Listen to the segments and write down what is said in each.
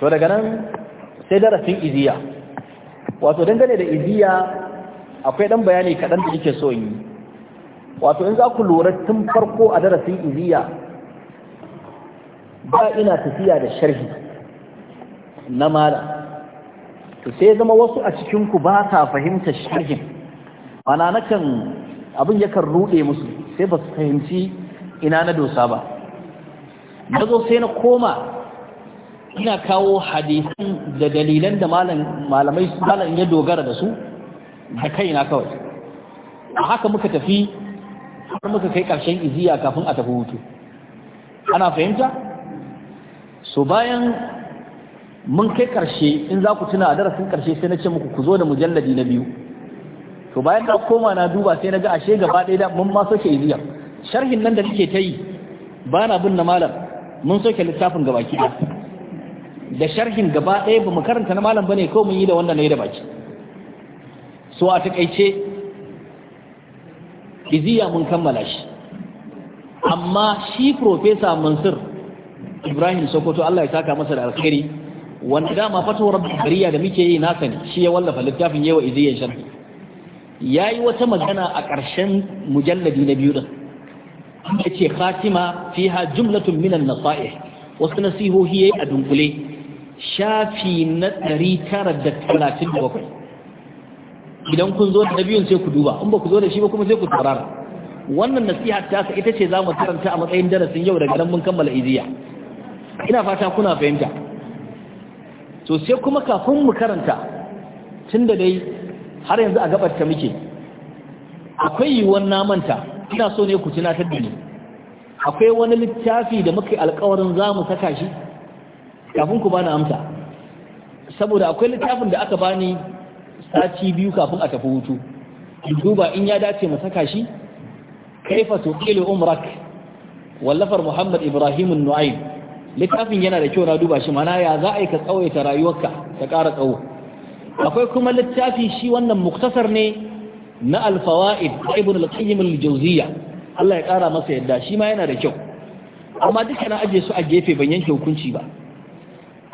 to daga nan sai darasin iziya wato dangane da iziya akwai dan bayani kaɗan da yake so yi wato in za ku lura tun farko a darasin iziya ba ina tafiya da sharhi na mala to sai zama wasu a cikinku ba sa fahimta sharhin mana nakan abin yakan rude musu sai ba su fahimci ina na dosa ba na zo sai na koma ina kawo hadisan da dalilan da malamai malam ya dogara da su da kaina kawai A haka muka tafi har muka kai ƙarshen iziya kafin a tafi hutu ana fahimta so bayan mun kai ƙarshe in za ku tuna a darasin ƙarshe sai na ce muku ku zo da mujalladi na biyu to bayan na koma na duba sai na ga ashe gaba ɗaya da mun ma soke iziyar sharhin nan da nake ta yi ba na bin na malam mun soke littafin gabaki ɗaya da sharhin gaba ɗaya ba mu karanta na malam bane ko mun yi da wannan ne da baki so a takaice iziya mun kammala shi amma shi profesa mansur ibrahim sokoto allah ya saka masa da alkhairi wanda dama fatowar kariya da muke yi nasa ne shi ya wallafa littafin yawa iziya sharhi ya yi wata magana a ƙarshen mujalladi na biyu din ya ce khatima fiha jumlatun minan nasa'ih wasu nasihohi yayi a dunkule shafi na 937 idan kun zo da biyun sai ku duba in ba ku zo da shi ba kuma sai ku tarara wannan nasiha ta ka ita ce za mu karanta a matsayin darasin yau daga nan mun kammala iziya ina fata kuna fahimta to sai kuma kafin mu karanta tunda dai har yanzu a gabata muke akwai yiwuwar namanta ina so ne ku tunatar da ni akwai wani littafi da muka yi alkawarin za mu saka shi kafin ku bani amsa saboda akwai littafin da aka bani sati biyu kafin a tafi hutu duba in ya dace mu saka shi kaifa tuqilu umrak wallafar Muhammad Ibrahim Nu'aym littafin yana da kyau na duba shi mana ya za a yi ka tsawaita rayuwarka ta kara tsawo akwai kuma littafi shi wannan muktasar ne na alfawaid ibn al-qayyim al-jawziyya Allah ya ƙara masa yadda shi ma yana da kyau amma dukkan aje su a gefe ban yanke hukunci ba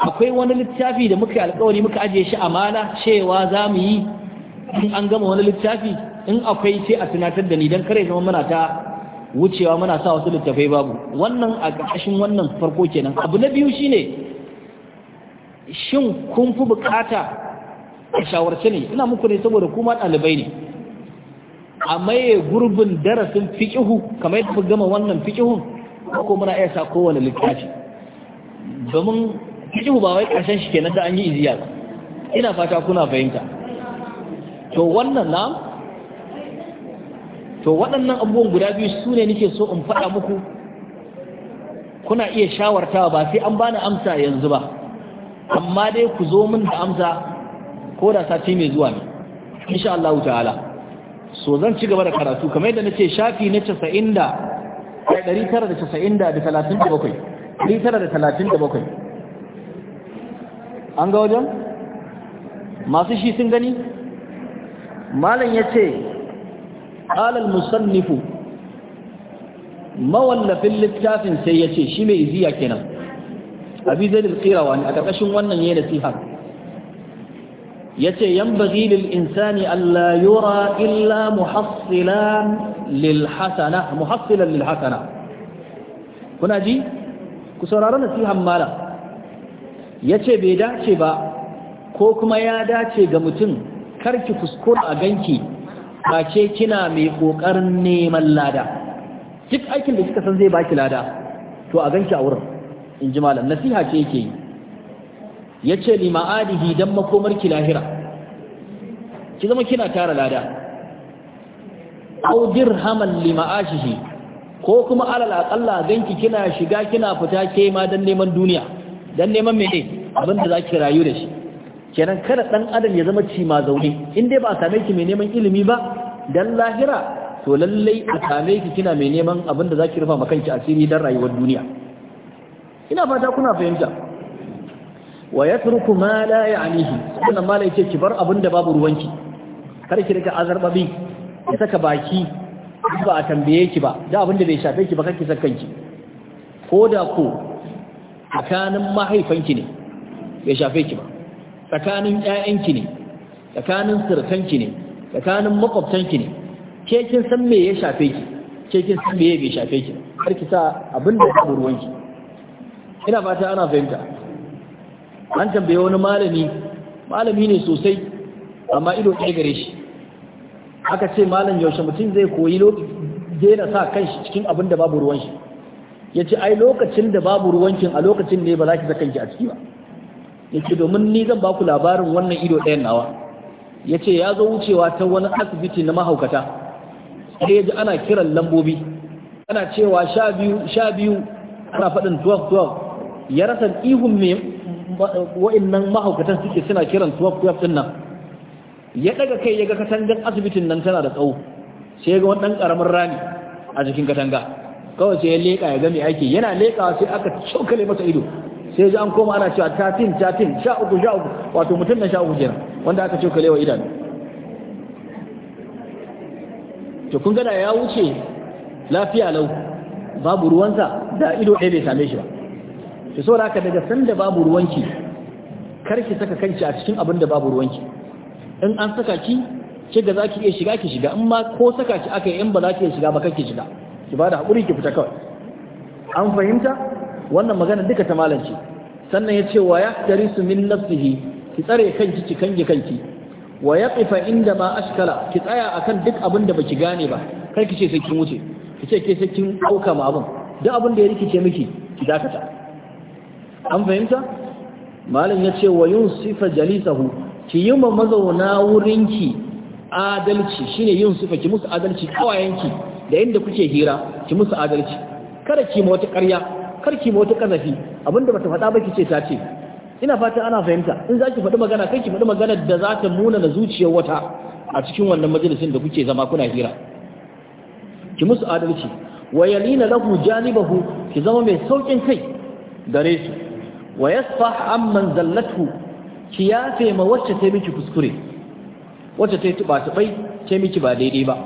akwai wani littafi da muka yi alkawari muka ajiye shi amana cewa za mu yi in an gama wani littafi in akwai sai a tunatar da ni don kare zama muna ta wucewa muna sa wasu littafai babu wannan a ƙarƙashin wannan farko kenan abu na biyu shine shin kun fi bukata a shawarce ne ina muku ne saboda kuma ɗalibai ne a maye gurbin darasin fikihu kamar yadda gama wannan fiƙihun ko muna iya sa kowane littafi domin fiqhu ba wai karshen shi kenan da an yi iziya ina fata kuna fahimta to wannan na to waɗannan abubuwan guda biyu su ne nake so in faɗa muku kuna iya shawartawa ba sai an bani amsa yanzu ba amma dai ku zo min da amsa ko da sati mai zuwa ne insha Allah ta'ala so zan ci gaba da karatu kamar yadda nace shafi na 90 da 997 37 an ga wajen masu shi sun gani malam ya ce alal musannifu mawallafin littafin sai ya ce shi mai iziya kenan abi zai tsirawa ne a ƙarƙashin wannan ya da siha ya ce yan bazilil insani allah yura illa muhassilan lilhasana muhassilan lilhasana kuna ji ku sauraron nasihan malam ya ce bai dace ba ko kuma ya dace ga mutum karki kuskura a ganki ba ce kina mai ƙoƙarin neman lada duk aikin da kika san zai baki lada to a ganki a wurin in ji malam nasiha ce yake yi ya ce lima'adihi don makomarki lahira ki zama kina tara lada au dirhaman lima'ashihi ko kuma alal aƙalla ganki kina shiga kina fita ke ma don neman duniya dan neman mene abin da zaki rayu da shi kenan kada ɗan adam ya zama cima zaune in dai ba a same ki mai neman ilimi ba dan lahira to lallai a same ki kina mai neman abin da zaki rufa makanki asiri dan rayuwar duniya ina fata kuna fahimta wa yatruku ma la ya'nihi sannan mala yake ki bar abin da babu ruwanki kar ki rika azarbabi ki saka baki ba a tambaye ki ba da abin da bai shafe ki ba kake sakanki ko da ko tsakanin mahaifanki ne bai shafe ki ba tsakanin ƴaƴanki ne tsakanin sirkanki ne tsakanin makwabtanki ne ke kin san me ya shafe ki ke kin san me bai shafe ki har ki sa abin da ya ki. ina fata ana fahimta an tambaye wani malami malami ne sosai amma ido ɗaya gare shi aka ce malam yaushe mutum zai koyi lokaci daina sa kanshi cikin abin da babu ruwan shi ya ce ai lokacin da babu ruwankin a lokacin ne ba za ki zakanki a ciki ba ya ce domin ni zan baku labarin wannan ido ɗayan nawa ya ce ya zo wucewa ta wani asibiti na mahaukata sai ya ji ana kiran lambobi ana cewa sha biyu sha biyu ana faɗin tuwaf-tuwaf. ya rasa ihun mai wa'innan mahaukatan suke suna kiran tuwaf-tuwaf ɗin nan ya ɗaga kai ya ga katangar asibitin nan tana da tsawo sai ya ga wani ɗan ƙaramin rani a jikin katanga kawai sai ya leƙa ya gami ake yana leƙa sai aka cokale masa ido sai ji an koma ana cewa tatin tatin sha uku sha uku wato mutum na sha uku jira wanda aka cokale wa idanu to kun gada ya wuce lafiya lau babu ruwansa da ido ɗaya bai same shi ba to saboda haka daga sanda babu ruwanki kar ki saka kanki a cikin abin da babu ruwanki in an saka ki ce ga zaki iya shiga ki shiga in ma ko saka ki aka yi in ba za ki iya shiga ba kar ki shiga ki bada hakuri ki fita kawai an fahimta wannan magana duka ta malanci sannan ya ce wa yahtarisu min nafsihi ki tsare kanki ki kange kanki wa yaqifa inda ma ashkala ki tsaya akan duk abin da baki gane ba kar ki ce sai kin wuce ki ce ke sai kin dauka ma abin duk abin da ya rikice miki ki dakata an fahimta malam ce wa sifa jalisahu ki yi ma mazauna wurinki adalci shine yin sifa ki musu adalci kawayenki da inda kuke hira ki musu adalci kada ki wata ƙarya kar ki wata kazafi abinda bata faɗa ba ki ce ta ina fata ana fahimta in za ki faɗi magana kai ki faɗi magana da za ta nuna da zuciyar wata a cikin wannan majalisin da kuke zama kuna hira ki musu adalci wa yalina lahu janibahu ki zama mai saukin kai gare su wa yasfah amman zallatu ki yafe ma wacce ta miki kuskure wacce ta tuba tubai ta miki ba daidai ba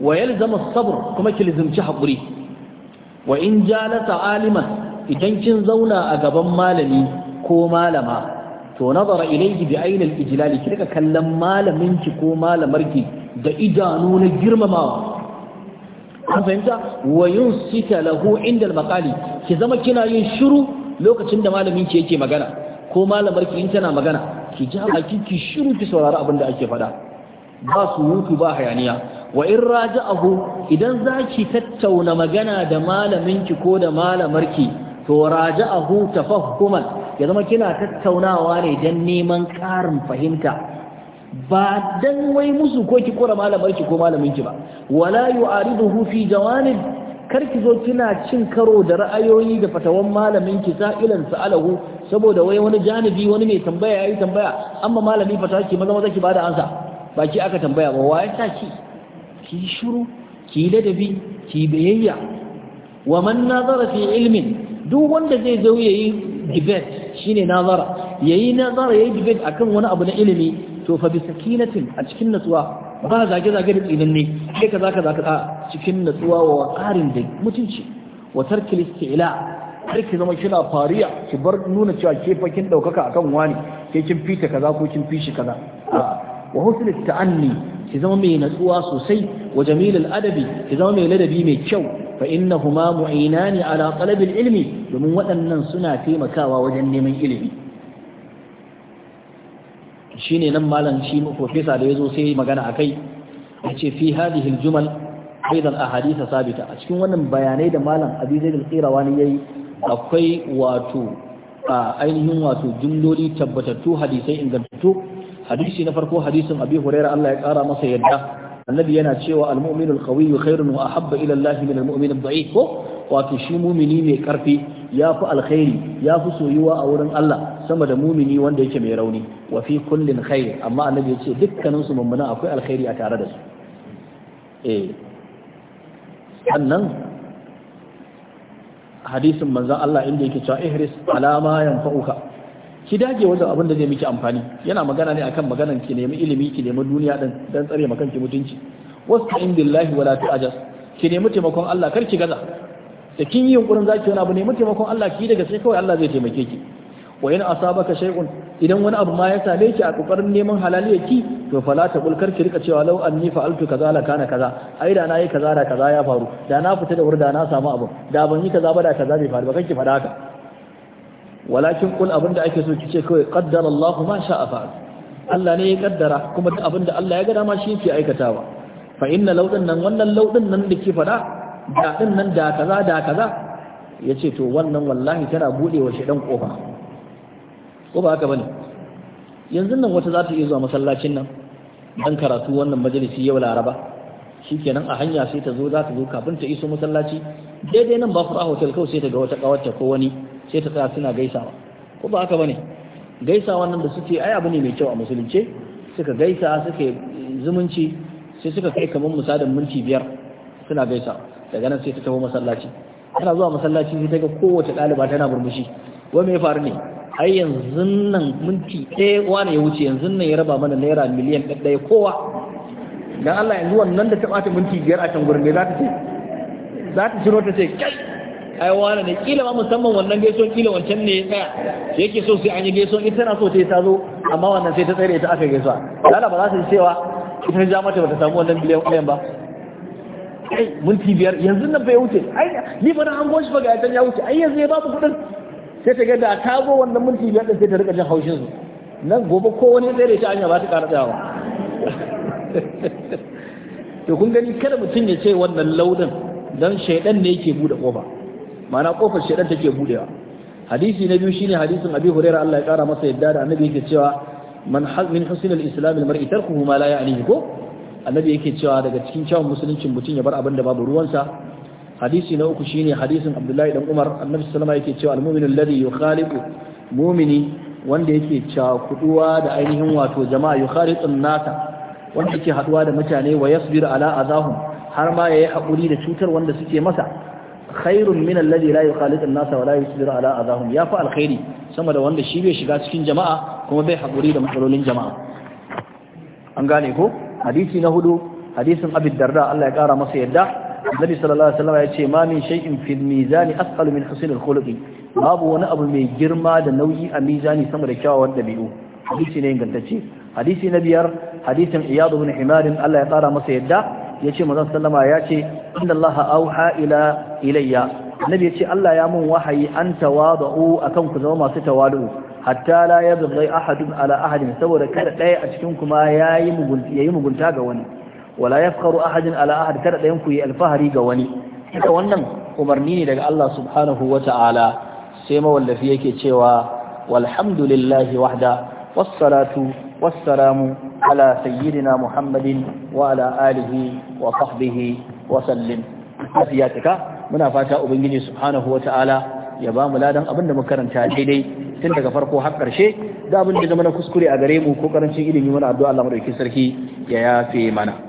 wa yalzama sabr kuma ki lizimci hakuri? wa in jalasa aliman idan kin zauna a gaban malami ko malama to nazara ilayhi bi ainil ijlal ki daga kallon malamin ki ko malamarki da idanu na girmamawa an fahimta wa yunsika lahu inda al ki zama kina yin shiru lokacin da malaminki yake magana ko malamarki in tana magana ki ja baki ki shiru ki saurari abin da ake faɗa ba su hutu ba hayaniya wa in raja'ahu idan zaki tattauna magana da malaminki ko da malamarki to raja'ahu tafahhuman ya zama kina tattaunawa ne dan neman karin fahimta ba dan wai musu ko ki kora malamarki ko malaminki ba wala yu'ariduhu fi jawanib kar ki zo kina cin karo da ra'ayoyi da fatawan malaminki ilan sa'alahu saboda wai wani janibi wani mai tambaya yayi tambaya amma malami fatawa ki maza maza ki bada ansa ba ki aka tambaya ba ta ki ki shiru ki ladabi ki biyayya wa man nazara fi ilmin duk wanda zai zo yayi debate shine nazara yayi nazara yayi debate akan wani abu na ilimi to fa bi sakinatin a cikin natsuwa ba zage zage da tsinin ne sai kaza cikin natsuwa wa waqarin da mutunci wa tarkil isti'la kar ki zama kina fariya ki bar nuna cewa ke fa kin daukaka akan wani ke kin fita kaza ko kin fishi kaza wa husnul ta'anni ki zama mai natsuwa sosai wa jamilul adabi ki zama mai ladabi mai kyau fa innahuma mu'inani ala talabil ilmi domin waɗannan suna taimakawa wajen neman ilimi shine nan malam shi professor da yazo sai magana akai yace fi hadhihi aljumal aidan ahadith sabita a cikin wannan bayanai da malam Abizai al yayi akwai wato a ainihin wato jumloli tabbatattu hadisai ingantattu hadisi na farko hadisin abi huraira Allah ya kara masa yadda annabi yana cewa al-mu'minu qawiyyu khairun wa ahabba ila Allah min al-mu'min ad-da'if ko wato shi mumini mai karfi yafi alkhairi yafi soyuwa a wurin Allah sama da mumini wanda yake mai rauni wa fi kullin khair amma annabi yace dukkanin su mummuna akwai alkhairi a tare da su eh sannan hadisin manzon Allah inda yake cewa ihris alama yanfa'uka ki dage wajen abin da zai miki amfani yana magana ne akan maganan ki nemi ilimi ki nemi duniya din dan tsare maka kanki mutunci wasta'in billahi wala tu'ajas ki nemi taimakon Allah kar ki gaza da kin yi yunkurin zaki wani abu nemi taimakon Allah ki daga sai kawai Allah zai taimake ki wa in asabaka shay'un idan wani abu ma ya same ki a kokarin neman halaliya ki to fala ta bulkar ki rika cewa law anni fa'altu kaza la kana kaza ai da nayi kaza da kaza ya faru da na fita da wuri da na samu abu da ban yi kaza ba da kaza bai faru ba kanki fada haka walakin kul abinda ake so kice kawai qaddara Allahu ma sha'a Allah ne ya kaddara kuma duk abinda Allah ya ga ma shi yake aikatawa fa inna nan wannan laudan nan da ke fada da din nan da kaza da kaza yace to wannan wallahi tana bude wa shedan kofa ko ba haka bane yanzu nan wata za ta iya zuwa masallacin nan dan karatu wannan majalisi yau laraba shikenan a hanya sai ta zo za ta zo kafin ta iso masallaci daidai nan ba fara hotel kawai sai ta ga wata kawarta ko wani sai ta tsaya suna gaisawa ko ba haka bane gaisawa nan da suke ai abu ne mai kyau a musulunce suka gaisa suka zumunci sai suka kai kamar musadan minti biyar suna gaisa daga nan sai ta tafi masallaci tana zuwa masallaci sai ta ga kowace ɗaliba tana murmushi wai me ya faru ne ai yanzu nan minti ɗaya wani ya wuce yanzu nan ya raba mana naira miliyan ɗaya kowa dan Allah yanzu wannan da ta ɓata minti biyar a can gurin me za ta ce za ta ciro ta ce kai ai wani ne kila ma musamman wannan gaiso kila wancan ne ya tsaya yake so sai an yi gaiso ita tana so ta ta zo amma wannan sai ta tsare ta aka gaiso lala ba za su cewa ita ja mata bata samu wannan biliyan ɗayan ba ai minti biyar yanzu nan bai wuce ai ni ba na an goshi ba ga yakan ya wuce ai yanzu ya ba kuɗin sai ta ga da ta go wannan minti biyar ɗin sai ta rika jin haushin su nan gobe ko wani tsere ta anya ba ta ƙara tsayawa to kun gani kada mutum ya ce wannan launin don shaidan ne yake buɗe ƙofa ma'ana kofar shaidan take budewa hadisi na biyu shine hadisin abi hurairah Allah ya kara masa yadda da annabi yake cewa man min husn al-islam al-mar'i tarkuhu ma la ya'nihi ko annabi yake cewa daga cikin kyawun musuluncin mutum ya bar abin da babu ruwansa hadisi na uku shine hadisin abdullahi dan umar annabi sallama yake cewa al-mu'min alladhi yukhaliqu mu'mini wanda yake cakuduwa da ainihin wato jama'a yukhaliqun nasa wanda yake haduwa da mutane wa yasbir ala azahum har ma yayi hakuri da cutar wanda suke masa khairun min alladhi la yukhalitu an-nasa wa la yusbiru ala adahum ya fa alkhairi sama da wanda shi bai shiga cikin jama'a kuma bai hakuri da matsalolin jama'a an gane ko hadisi na hudu hadisin abi darda Allah ya kara masa yadda annabi sallallahu alaihi wasallam ya ce ma min shay'in fil mizani asqalu min al khuluqi babu wani abu mai girma da nauyi a mizani sama da kyawawan dabi'u hadisi ne ingantacce hadisi na biyar hadisin iyad ibn himar Allah ya kara masa yadda ce mazan sallama yace inna allaha auha ila ilayya annabi yace Allah ya mun wahayi an tawadu akan ku zama masu tawadu hatta la yabghi ahadun ala ahadin saboda kada ɗaya a cikin ku ma yayi mugunta yayi mugunta ga wani wala yafkharu ahadin ala ahad kada ɗayan ku yi alfahari ga wani haka wannan umarni ne daga Allah subhanahu wata'ala sai mawallafi yake cewa walhamdulillahi wahda wassalatu والسلام على سيدنا محمد وعلى اله وصحبه وسلم تحياتك من فاتا ubangiji subhanahu wa ta'ala ya ba mu ladan da mun karanta daidai tun daga farko har ƙarshe da abinda zama na kuskure a gare mu ko karancin ilimi mana addu'a Allah mu dauki sarki ya yafe mana